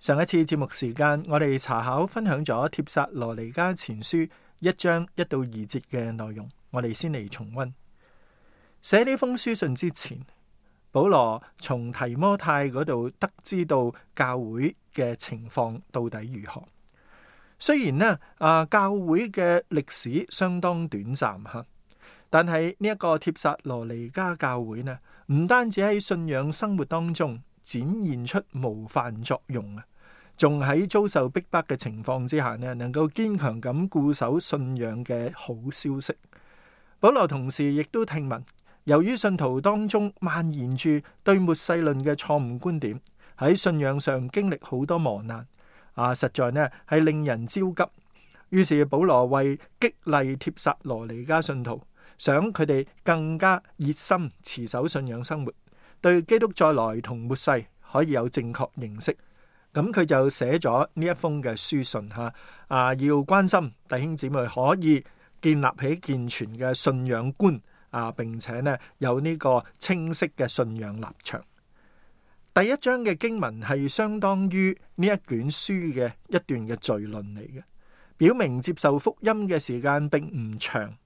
上一次節目時間，我哋查考分享咗帖撒羅尼加前書一章一到二節嘅內容，我哋先嚟重溫。寫呢封書信之前，保羅從提摩太嗰度得知到教會嘅情況到底如何。雖然呢啊教會嘅歷史相當短暫吓，但係呢一個帖撒羅尼加教會呢，唔單止喺信仰生活當中展現出模範作用啊。仲喺遭受逼迫嘅情況之下呢，能夠堅強咁固守信仰嘅好消息。保羅同時亦都聽聞，由於信徒當中蔓延住對末世論嘅錯誤觀點，喺信仰上經歷好多磨難啊，實在呢係令人焦急。於是保羅為激勵帖撒羅尼迦信徒，想佢哋更加熱心持守信仰生活，對基督再來同末世可以有正確認識。咁佢就寫咗呢一封嘅書信，吓啊，要關心弟兄姊妹可以建立起健全嘅信仰觀啊，並且呢有呢個清晰嘅信仰立場。第一章嘅經文係相當於呢一卷書嘅一段嘅序論嚟嘅，表明接受福音嘅時間並唔長，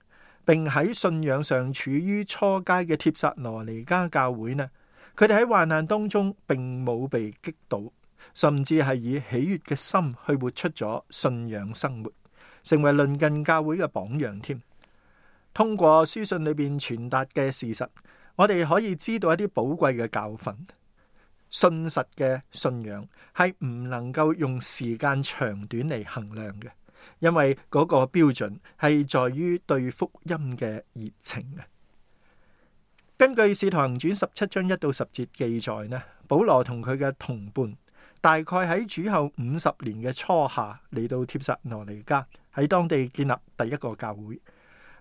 並喺信仰上處於初階嘅帖撒羅尼加教會呢，佢哋喺患難當中並冇被擊倒。甚至係以喜悅嘅心去活出咗信仰生活，成為鄰近教會嘅榜樣添。通過書信裏邊傳達嘅事實，我哋可以知道一啲寶貴嘅教訓。信實嘅信仰係唔能夠用時間長短嚟衡量嘅，因為嗰個標準係在於對福音嘅熱情嘅。根據使徒行傳十七章一到十節記載呢，保羅同佢嘅同伴，大概喺主後五十年嘅初夏嚟到帖撒羅尼加，喺當地建立第一個教會。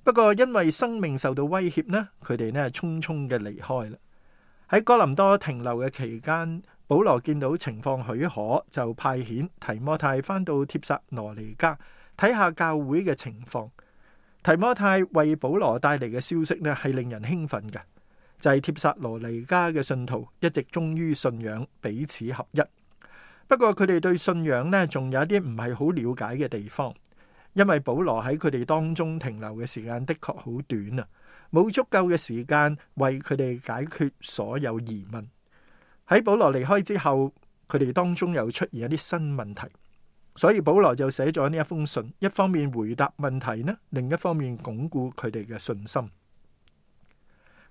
不過因為生命受到威脅呢，佢哋呢係匆匆嘅離開啦。喺哥林多停留嘅期間，保羅見到情況許可，就派遣提摩太返到帖撒羅尼加睇下教會嘅情況。提摩太為保羅帶嚟嘅消息呢係令人興奮嘅，就係帖撒羅尼加嘅信徒一直忠於信仰，彼此合一。不過佢哋對信仰呢，仲有啲唔係好了解嘅地方，因為保羅喺佢哋當中停留嘅時間的確好短啊，冇足夠嘅時間為佢哋解決所有疑問。喺保羅離開之後，佢哋當中又出現一啲新問題，所以保羅就寫咗呢一封信，一方面回答問題呢，另一方面鞏固佢哋嘅信心。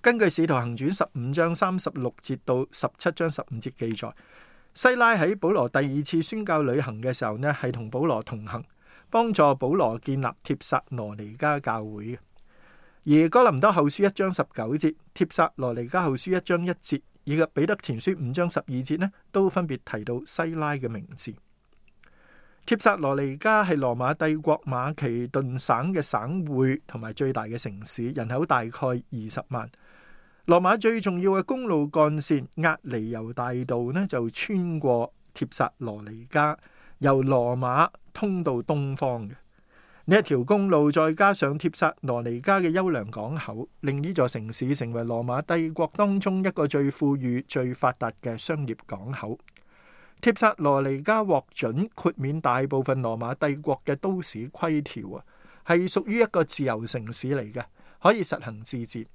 根據《使徒行傳》十五章三十六節到十七章十五節記載。西拉喺保羅第二次宣教旅行嘅時候呢，係同保羅同行，幫助保羅建立帖撒羅尼加教會嘅。而哥林多後書一章十九節、帖撒羅尼加後書一章一節以及彼得前書五章十二節呢，都分別提到西拉嘅名字。帖撒羅尼加係羅馬帝國馬其頓省嘅省會，同埋最大嘅城市，人口大概二十萬。羅馬最重要嘅公路幹線阿尼由大道呢，就穿過帖撒羅尼迦，由羅馬通到東方嘅呢一條公路，再加上帖撒羅尼迦嘅優良港口，令呢座城市成為羅馬帝國當中一個最富裕、最發達嘅商業港口。帖撒羅尼迦獲准豁免大部分羅馬帝國嘅都市規條啊，係屬於一個自由城市嚟嘅，可以實行自治。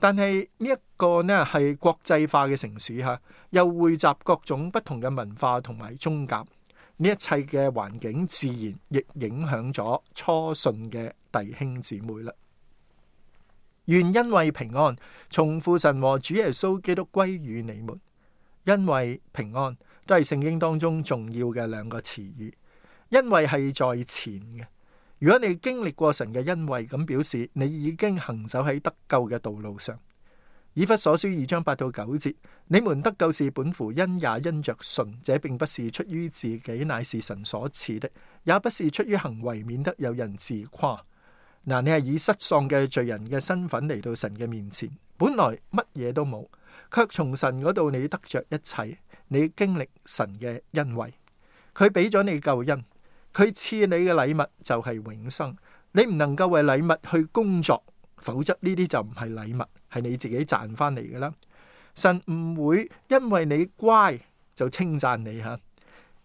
但係呢一個呢係國際化嘅城市吓，又匯集各種不同嘅文化同埋宗教，呢一切嘅環境自然亦影響咗初信嘅弟兄姊妹啦。願恩惠平安，從父神和主耶穌基督歸與你們。恩惠平安都係聖經當中重要嘅兩個詞語，恩惠係在前嘅。如果你經歷過神嘅恩惠，咁表示你已經行走喺得救嘅道路上。以弗所書二章八到九節：你們得救是本乎恩，也因着信。這並不是出於自己，乃是神所賜的，也不是出於行為，免得有人自誇。嗱，你係以失喪嘅罪人嘅身份嚟，到神嘅面前，本來乜嘢都冇，卻從神嗰度你得着一切。你經歷神嘅恩惠，佢俾咗你救恩。佢賜你嘅禮物就係永生，你唔能夠為禮物去工作，否則呢啲就唔係禮物，係你自己賺翻嚟嘅啦。神唔會因為你乖就稱讚你吓，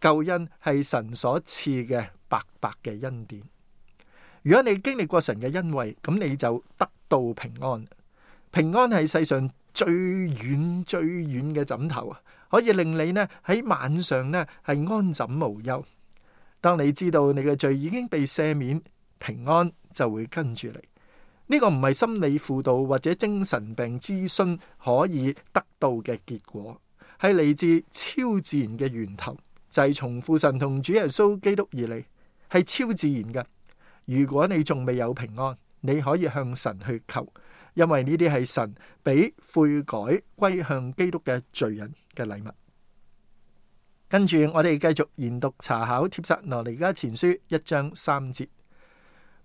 救恩係神所賜嘅白白嘅恩典。如果你經歷過神嘅恩惠，咁你就得到平安。平安係世上最軟最軟嘅枕頭啊，可以令你呢喺晚上呢係安枕無憂。當你知道你嘅罪已經被赦免，平安就會跟住你。呢個唔係心理輔導或者精神病諮詢可以得到嘅結果，係嚟自超自然嘅源頭，就係從父神同主耶穌基督而嚟，係超自然嘅。如果你仲未有平安，你可以向神去求，因為呢啲係神俾悔改歸向基督嘅罪人嘅禮物。跟住，我哋繼續研讀查考帖撒羅尼迦前書一章三節。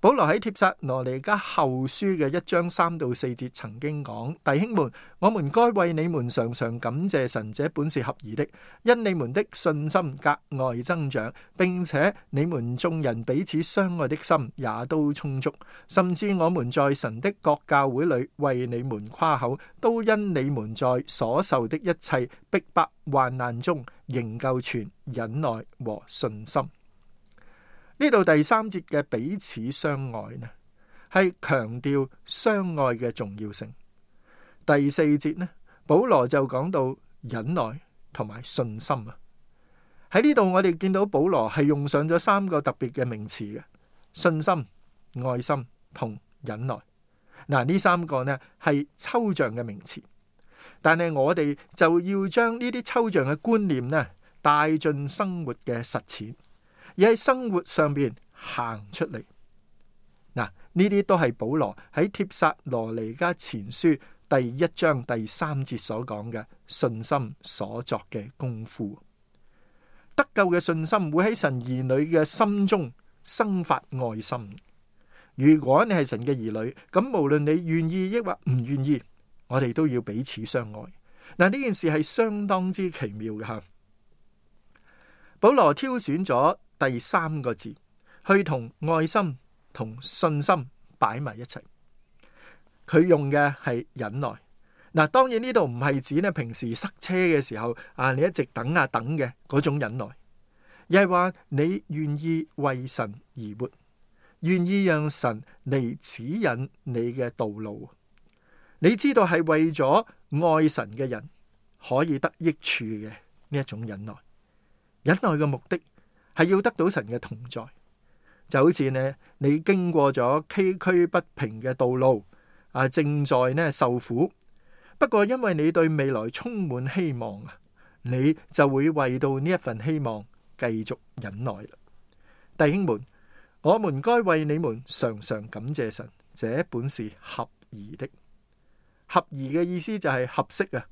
保羅喺帖撒羅尼加後書嘅一章三到四節曾經講：弟兄們，我們該為你們常常感謝神，這本是合宜的，因你們的信心格外增長，並且你們眾人彼此相愛的心也都充足。甚至我們在神的各教會裏為你們誇口，都因你們在所受的一切逼迫患難中仍舊存忍耐和信心。呢度第三節嘅彼此相愛呢，係強調相愛嘅重要性。第四節呢，保羅就講到忍耐同埋信心啊。喺呢度我哋見到保羅係用上咗三個特別嘅名詞嘅信心、愛心同忍耐。嗱，呢三個呢係抽象嘅名詞，但係我哋就要將呢啲抽象嘅觀念呢帶進生活嘅實踐而喺生活上邊行出嚟，嗱，呢啲都係保羅喺帖撒羅尼加前書第一章第三節所講嘅，信心所作嘅功夫，得救嘅信心會喺神兒女嘅心中生發愛心。如果你係神嘅兒女，咁無論你願意抑或唔願意，我哋都要彼此相愛。嗱，呢件事係相當之奇妙嘅吓。保羅挑選咗第三個字去同愛心同信心擺埋一齊。佢用嘅係忍耐。嗱，當然呢度唔係指咧，平時塞車嘅時候啊，你一直等啊等嘅嗰種忍耐，而係話你願意為神而活，願意讓神嚟指引你嘅道路。你知道係為咗愛神嘅人可以得益處嘅呢一種忍耐，忍耐嘅目的，係要得到神嘅同在，就好似呢，你經過咗崎嶇不平嘅道路，啊，正在呢受苦。不過因為你對未來充滿希望啊，你就會為到呢一份希望繼續忍耐啦。弟兄們，我們該為你們常常感謝神，這本是合宜的。合宜嘅意思就係合適啊，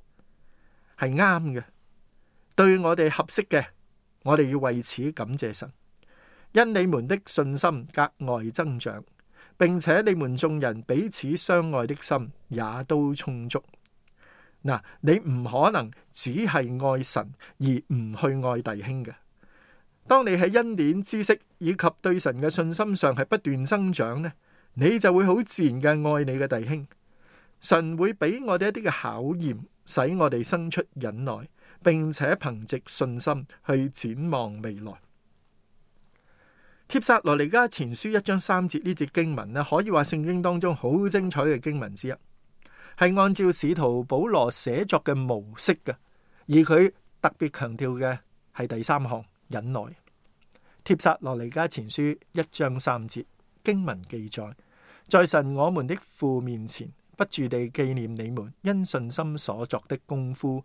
係啱嘅，對我哋合適嘅。我哋要為此感謝神，因你們的信心格外增長，並且你們眾人彼此相愛的心也都充足。嗱，你唔可能只係愛神而唔去愛弟兄嘅。當你喺恩典知識以及對神嘅信心上係不斷增長呢，你就會好自然嘅愛你嘅弟兄。神會俾我哋一啲嘅考驗，使我哋生出忍耐。並且憑借信心去展望未來。帖撒羅尼迦前書一章三節，呢節經文咧，可以話聖經當中好精彩嘅經文之一，係按照使徒保羅寫作嘅模式嘅，而佢特別強調嘅係第三項忍耐。帖撒羅尼迦前書一章三節經文記載，在神我們的父面前，不住地紀念你們因信心所作的功夫，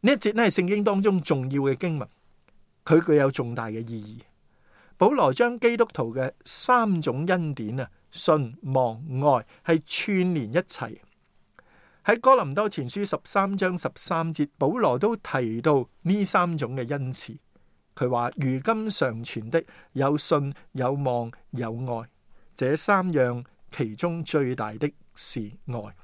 呢一節呢係聖經當中重要嘅經文，佢具有重大嘅意義。保羅將基督徒嘅三種恩典啊，信、望、愛，係串聯一齊。喺哥林多前書十三章十三節，保羅都提到呢三種嘅恩賜。佢話：如今常存的有信、有望、有愛，這三樣其中最大的是愛。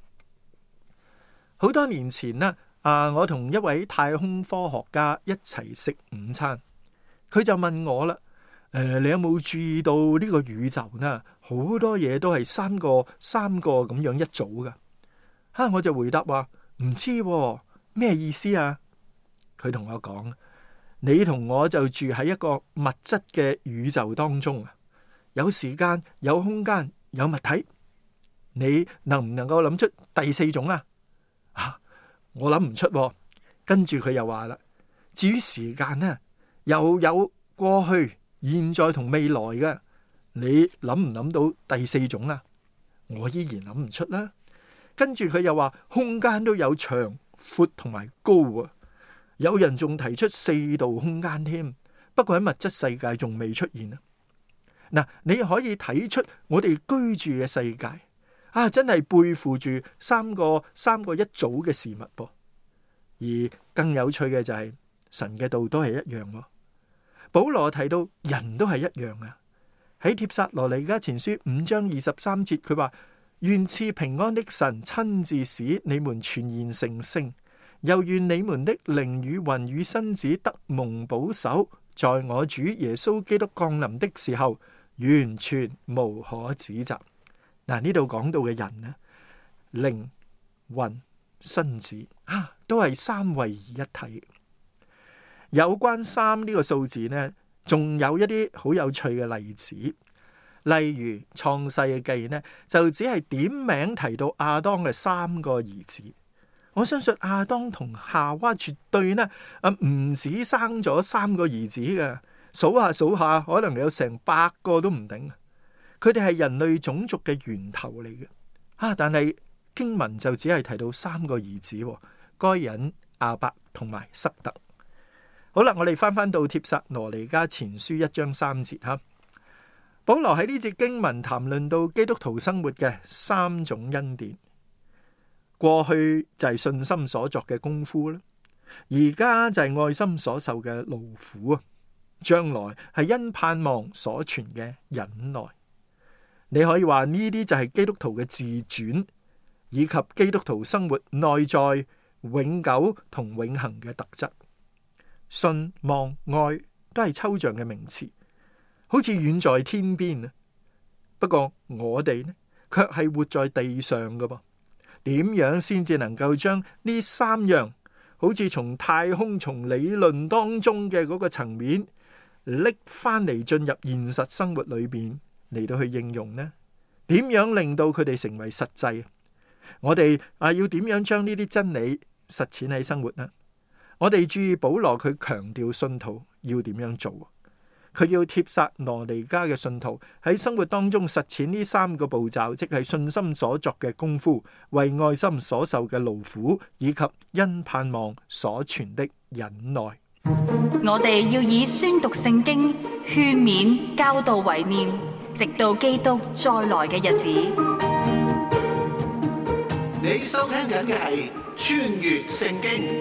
好多年前呢，啊！我同一位太空科學家一齊食午餐，佢就問我啦：誒、呃，你有冇注意到呢個宇宙呢？好多嘢都係三個三個咁樣一組㗎。啊！我就回答話：唔知咩、啊、意思啊？佢同我講：你同我就住喺一個物質嘅宇宙當中啊，有時間、有空間、有物體，你能唔能夠諗出第四種啊？啊！我諗唔出、啊，跟住佢又話啦。至於時間咧，又有過去、現在同未來嘅，你諗唔諗到第四種啊？我依然諗唔出啦、啊。跟住佢又話空間都有長、闊同埋高啊。有人仲提出四度空間添，不過喺物質世界仲未出現啊。嗱，你可以睇出我哋居住嘅世界。啊！真係背負住三個三個一組嘅事物噃、啊，而更有趣嘅就係、是、神嘅道都係一樣喎、啊。保羅提到人都係一樣啊。喺帖撒羅尼迦前書五章二十三節，佢話：願賜平安的神親自使你們全然成聖，又願你們的靈與魂與身子得蒙保守，在我主耶穌基督降臨的時候，完全無可指責。嗱，呢度講到嘅人呢，靈魂身子啊，都係三位而一體。有關三呢個數字呢，仲有一啲好有趣嘅例子，例如創世記呢，就只係點名提到亞當嘅三個兒子。我相信亞當同夏娃絕對呢啊，唔止生咗三個兒子嘅，數下數下，可能有成百個都唔定。佢哋係人類種族嘅源頭嚟嘅啊，但係經文就只係提到三個兒子：該、哦、隱、亞伯同埋塞特。好啦，我哋翻翻到帖撒羅尼迦前書一章三節哈。保羅喺呢節經文談論到基督徒生活嘅三種恩典。過去就係信心所作嘅功夫啦，而家就係愛心所受嘅勞苦啊，將來係因盼望所存嘅忍耐。你可以話呢啲就係基督徒嘅自轉，以及基督徒生活內在永久同永恒嘅特質。信、望、愛都係抽象嘅名詞，好似遠在天邊啊！不過我哋呢，卻係活在地上噶噃。點樣先至能夠將呢三樣，好似從太空、從理論當中嘅嗰個層面，拎翻嚟進入現實生活裏邊？嚟到去應用呢？點樣令到佢哋成為實際？我哋啊，要點樣將呢啲真理實踐喺生活呢？我哋注意保羅佢強調信徒要點樣做，佢要帖撒羅尼迦嘅信徒喺生活當中實踐呢三個步驟，即係信心所作嘅功夫，為愛心所受嘅勞苦，以及因盼望所存的忍耐。我哋要以宣讀聖經、勸勉、教導為念。直到基督再來嘅日子，你收聽緊嘅係《穿越聖經》。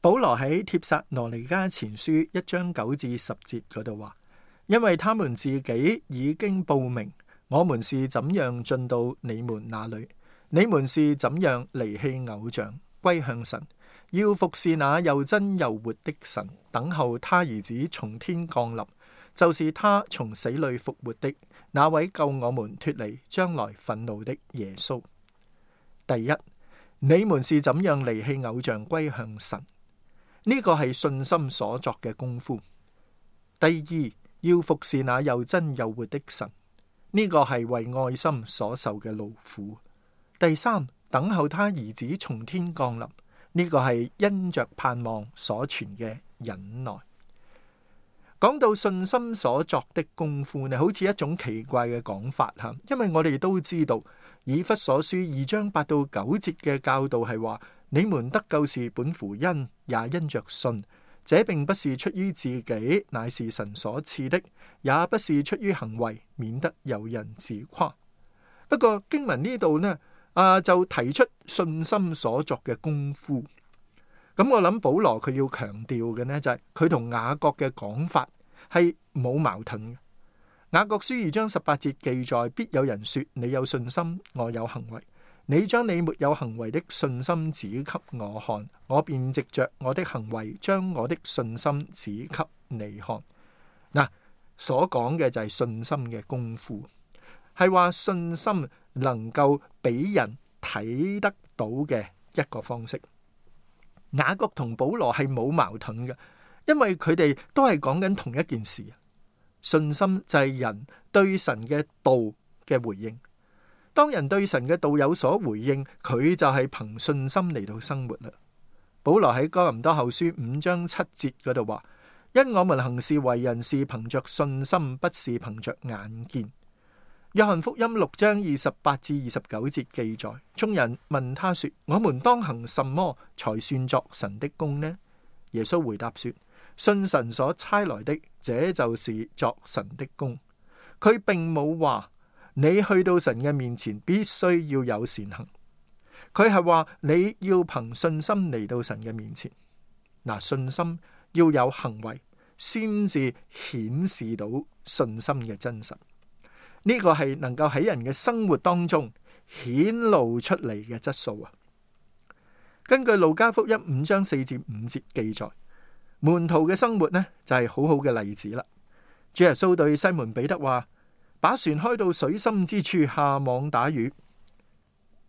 保羅喺帖撒羅尼迦前書一章九至十節嗰度話：「因為他們自己已經報明，我們是怎樣進到你們那裏，你們是怎樣離棄偶像歸向神。要服侍那又真又活的神，等候他兒子從天降臨，就是他從死裏復活的那位救我們脫離將來憤怒的耶穌。第一，你們是怎樣離棄偶像歸向神？呢個係信心所作嘅功夫。第二，要服侍那又真又活的神，呢個係為愛心所受嘅勞苦。第三，等候他兒子從天降臨。呢個係因着盼望所存嘅忍耐。講到信心所作的功夫呢，好似一種奇怪嘅講法吓，因為我哋都知道，以弗所書二章八到九節嘅教導係話：你們得救是本乎恩，也因着信。這並不是出於自己，乃是神所賜的；也不是出於行為，免得有人自誇。不過經文呢度呢？啊、呃！就提出信心所作嘅功夫。咁、嗯、我諗保羅佢要強調嘅呢，就係佢同雅各嘅講法係冇矛盾嘅。雅各書二章十八節記載：必有人說你有信心，我有行為。你將你沒有行為的信心指給我看，我便藉着我的行為將我的信心指給你看。嗱、呃，所講嘅就係信心嘅功夫。係話信心能夠俾人睇得到嘅一個方式，雅各同保羅係冇矛盾嘅，因為佢哋都係講緊同一件事。信心就係人對神嘅道嘅回應。當人對神嘅道有所回應，佢就係憑信心嚟到生活啦。保羅喺哥林多後書五章七節嗰度話：因我們行事為人是憑着信心，不是憑着眼見。約翰福音六章二十八至二十九節記載，眾人問他說：我們當行什麼才算作神的工呢？耶穌回答說：信神所差來的，這就是作神的工。佢並冇話你去到神嘅面前必須要有善行，佢係話你要憑信心嚟到神嘅面前。嗱，信心要有行為，先至顯示到信心嘅真實。呢個係能夠喺人嘅生活當中顯露出嚟嘅質素啊！根據路加福音五章四至五節記載，門徒嘅生活呢就係、是、好好嘅例子啦。主耶穌對西門彼得話：，把船開到水深之處下網打魚。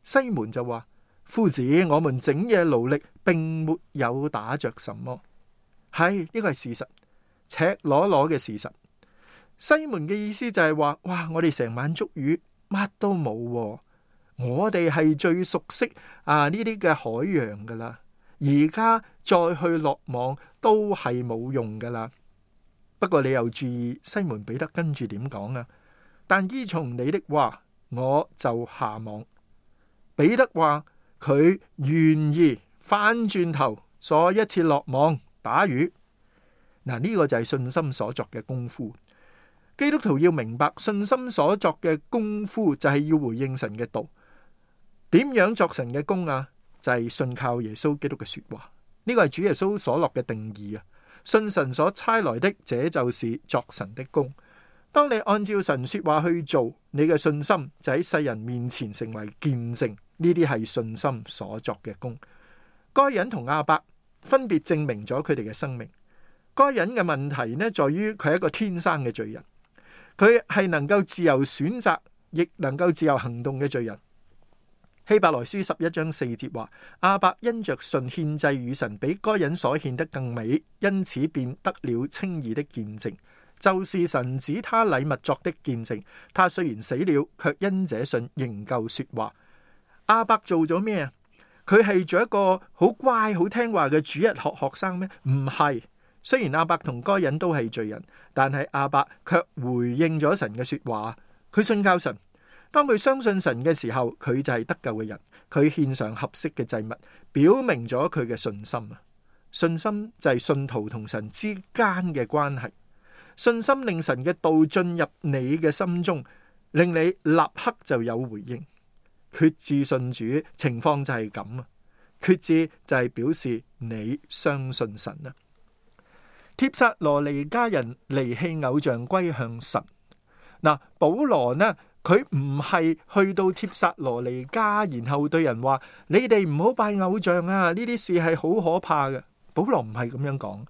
西門就話：，夫子，我們整夜勞力，並沒有打着什麼。係，呢個係事實，赤裸裸嘅事實。西門嘅意思就係話，哇！我哋成晚捉魚，乜都冇。我哋係最熟悉啊呢啲嘅海洋噶啦，而家再去落網都係冇用噶啦。不過你又注意，西門彼得跟住點講啊？但依從你的話，我就下網。彼得話佢願意翻轉頭再一次落網打魚。嗱，呢個就係信心所作嘅功夫。基督徒要明白信心所作嘅功夫，就係要回應神嘅道，點樣作神嘅功啊？就係、是、信靠耶穌基督嘅說話，呢、這個係主耶穌所落嘅定義啊！信神所差來的，這就是作神的功。當你按照神說話去做，你嘅信心就喺世人面前成為見證。呢啲係信心所作嘅功。該人同亞伯分別證明咗佢哋嘅生命。該人嘅問題呢，在於佢係一個天生嘅罪人。佢係能夠自由選擇，亦能夠自由行動嘅罪人。希伯來書十一章四節話：阿伯因着信獻祭與神，比該隱所獻得更美，因此便得了稱義的見證，就是神指他禮物作的見證。他雖然死了，卻因這信仍舊說話。阿伯做咗咩啊？佢係做一個好乖、好聽話嘅主日學學生咩？唔係。雖然阿伯同該人都係罪人，但係阿伯卻回應咗神嘅說話。佢信教神，當佢相信神嘅時候，佢就係得救嘅人。佢獻上合適嘅祭物，表明咗佢嘅信心啊。信心就係信徒同神之間嘅關係，信心令神嘅道進入你嘅心中，令你立刻就有回應。決志信主情況就係咁啊。決志就係表示你相信神啦。帖撒羅尼迦人離棄偶像歸向神。嗱，保羅呢，佢唔係去到帖撒羅尼迦，然後對人話：你哋唔好拜偶像啊！呢啲事係好可怕嘅。保羅唔係咁樣講，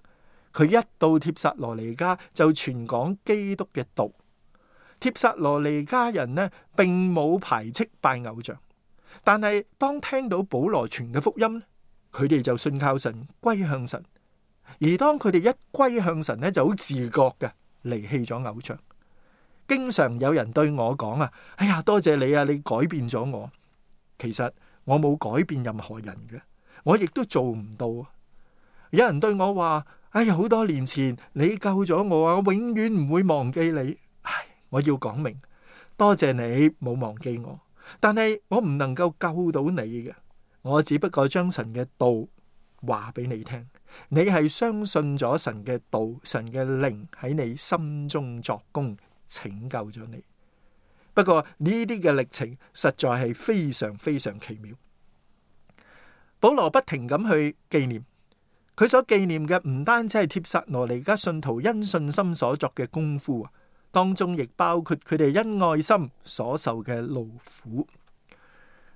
佢一到帖撒羅尼迦就全講基督嘅道。帖撒羅尼迦人呢，並冇排斥拜偶像，但係當聽到保羅傳嘅福音，佢哋就信靠神，歸向神。而當佢哋一歸向神咧，就好自覺嘅離棄咗偶像。經常有人對我講啊：哎呀，多謝你啊，你改變咗我。其實我冇改變任何人嘅，我亦都做唔到。有人對我話：哎呀，好多年前你救咗我啊，我永遠唔會忘記你。唉，我要講明，多謝你冇忘記我，但係我唔能夠救到你嘅，我只不過將神嘅道話俾你聽。你係相信咗神嘅道，神嘅靈喺你心中作功，拯救咗你。不過呢啲嘅歷程實在係非常非常奇妙。保羅不停咁去紀念，佢所紀念嘅唔單止係帖撒羅尼加信徒因信心所作嘅功夫啊，當中亦包括佢哋因愛心所受嘅勞苦。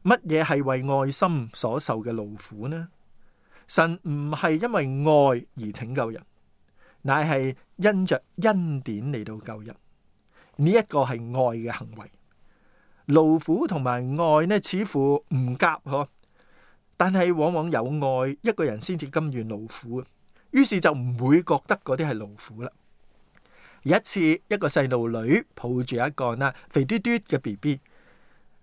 乜嘢係為愛心所受嘅勞苦呢？神唔係因為愛而拯救人，乃係因着恩典嚟到救人。呢一個係愛嘅行為，勞苦同埋愛呢，似乎唔夾嗬。但係往往有愛一個人先至甘願勞苦，於是就唔會覺得嗰啲係勞苦啦。有一次，一個細路女抱住一個啦肥嘟嘟嘅 B B，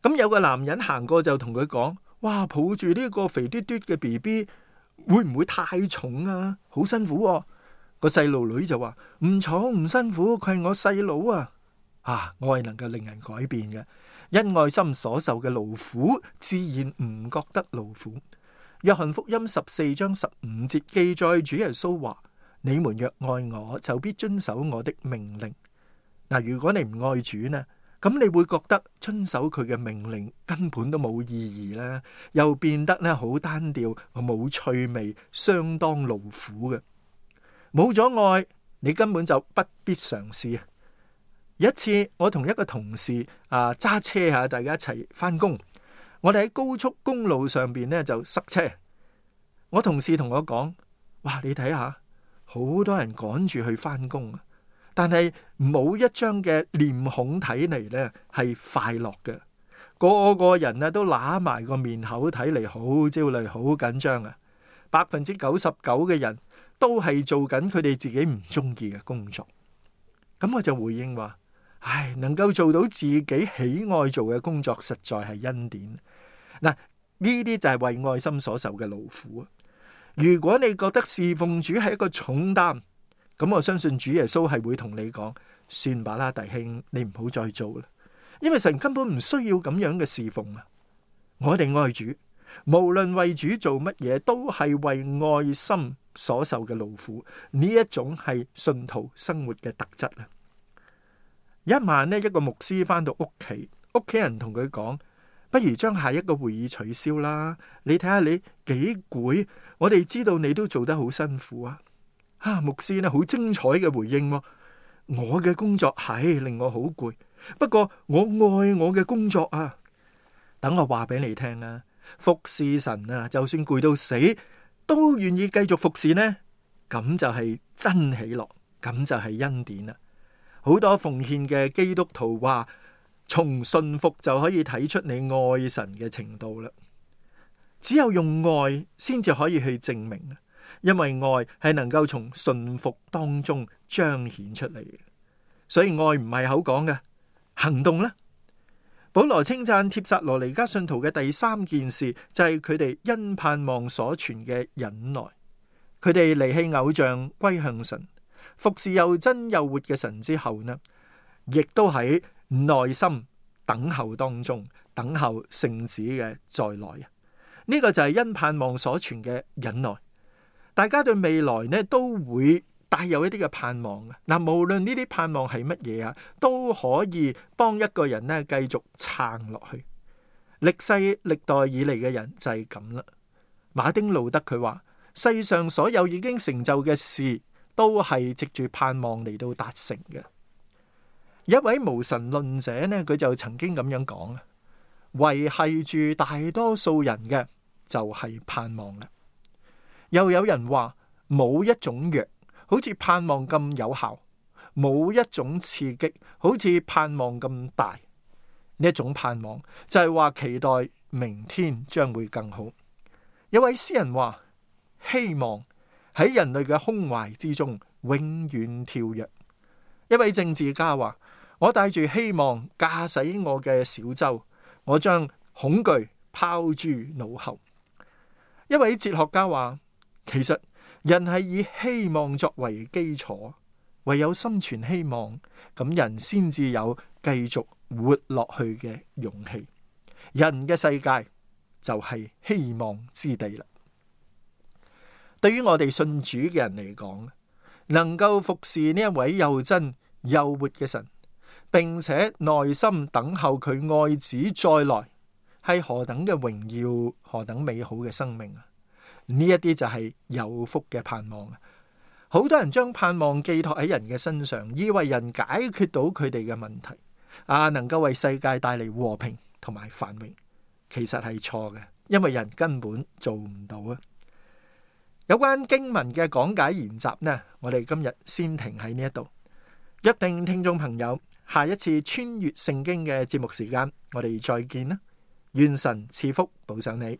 咁有個男人行過就同佢講：哇，抱住呢個肥嘟嘟嘅 B B。會唔會太重啊？好辛苦！個細路女就話唔重唔辛苦，佢係我細佬啊！啊，愛能夠令人改變嘅，因愛心所受嘅勞苦，自然唔覺得勞苦。約翰福音十四章十五節記載，主耶穌話：你們若愛我，就必遵守我的命令。嗱，如果你唔愛主呢？咁你會覺得遵守佢嘅命令根本都冇意義啦，又變得咧好單調，冇趣味，相當勞苦嘅。冇咗愛，你根本就不必嘗試。一次我同一個同事啊揸車啊，大家一齊返工，我哋喺高速公路上面咧就塞車。我同事同我講：「哇，你睇下，好多人趕住去返工啊！但係冇一張嘅臉孔睇嚟，呢係快樂嘅，個個人呀，都揦埋個面口睇嚟好焦慮、好緊張啊！百分之九十九嘅人都係做緊佢哋自己唔中意嘅工作。咁我就回應話：唉，能夠做到自己喜愛做嘅工作，實在係恩典。嗱，呢啲就係為愛心所受嘅勞苦啊！如果你覺得侍奉主係一個重擔，咁我相信主耶穌係會同你講，算吧啦，弟兄，你唔好再做啦，因為神根本唔需要咁樣嘅侍奉啊！我哋愛主，無論為主做乜嘢，都係為愛心所受嘅勞苦，呢一種係信徒生活嘅特質啊！一晚呢，一個牧師翻到屋企，屋企人同佢講，不如將下一個會議取消啦，你睇下你幾攰，我哋知道你都做得好辛苦啊！啊，牧師呢好精彩嘅回應，哦，我嘅工作係、哎、令我好攰，不過我愛我嘅工作啊！等我話俾你聽啊，服侍神啊，就算攰到死，都願意繼續服侍呢？咁就係真喜樂，咁就係恩典啦。好多奉獻嘅基督徒話，從信服就可以睇出你愛神嘅程度啦。只有用愛先至可以去證明因為愛係能夠從順服當中彰顯出嚟，所以愛唔係口講嘅行動呢。保羅稱讚帖撒羅尼加信徒嘅第三件事，就係佢哋因盼望所存嘅忍耐。佢哋離棄偶像歸向神，服侍又真又活嘅神之後呢，亦都喺耐心等候當中，等候聖子嘅再來啊。呢個就係因盼望所存嘅忍耐。大家對未來呢都會帶有一啲嘅盼望嘅。嗱，無論呢啲盼望係乜嘢啊，都可以幫一個人呢繼續撐落去。歷世歷代以嚟嘅人就係咁啦。馬丁路德佢話：世上所有已經成就嘅事，都係藉住盼望嚟到達成嘅。一位無神論者呢，佢就曾經咁樣講啊：維繫住大多數人嘅就係盼望啦。又有人話冇一種藥好似盼望咁有效，冇一種刺激好似盼望咁大。呢一種盼望就係話期待明天將會更好。有位詩人話：希望喺人類嘅胸懷之中永遠跳躍。一位政治家話：我帶住希望駕駛我嘅小舟，我將恐懼拋諸腦後。一位哲學家話。其實人係以希望作為基礎，唯有心存希望，咁人先至有繼續活落去嘅勇氣。人嘅世界就係希望之地啦。對於我哋信主嘅人嚟講，能夠服侍呢一位又真又活嘅神，並且耐心等候佢愛子再來，係何等嘅榮耀，何等美好嘅生命啊！呢一啲就係有福嘅盼望啊！好多人將盼望寄託喺人嘅身上，以為人解決到佢哋嘅問題啊，能夠為世界帶嚟和平同埋繁榮，其實係錯嘅，因為人根本做唔到啊！有關經文嘅講解研習呢，我哋今日先停喺呢一度。一定聽眾朋友，下一次穿越聖經嘅節目時間，我哋再見啦！願神賜福保守你。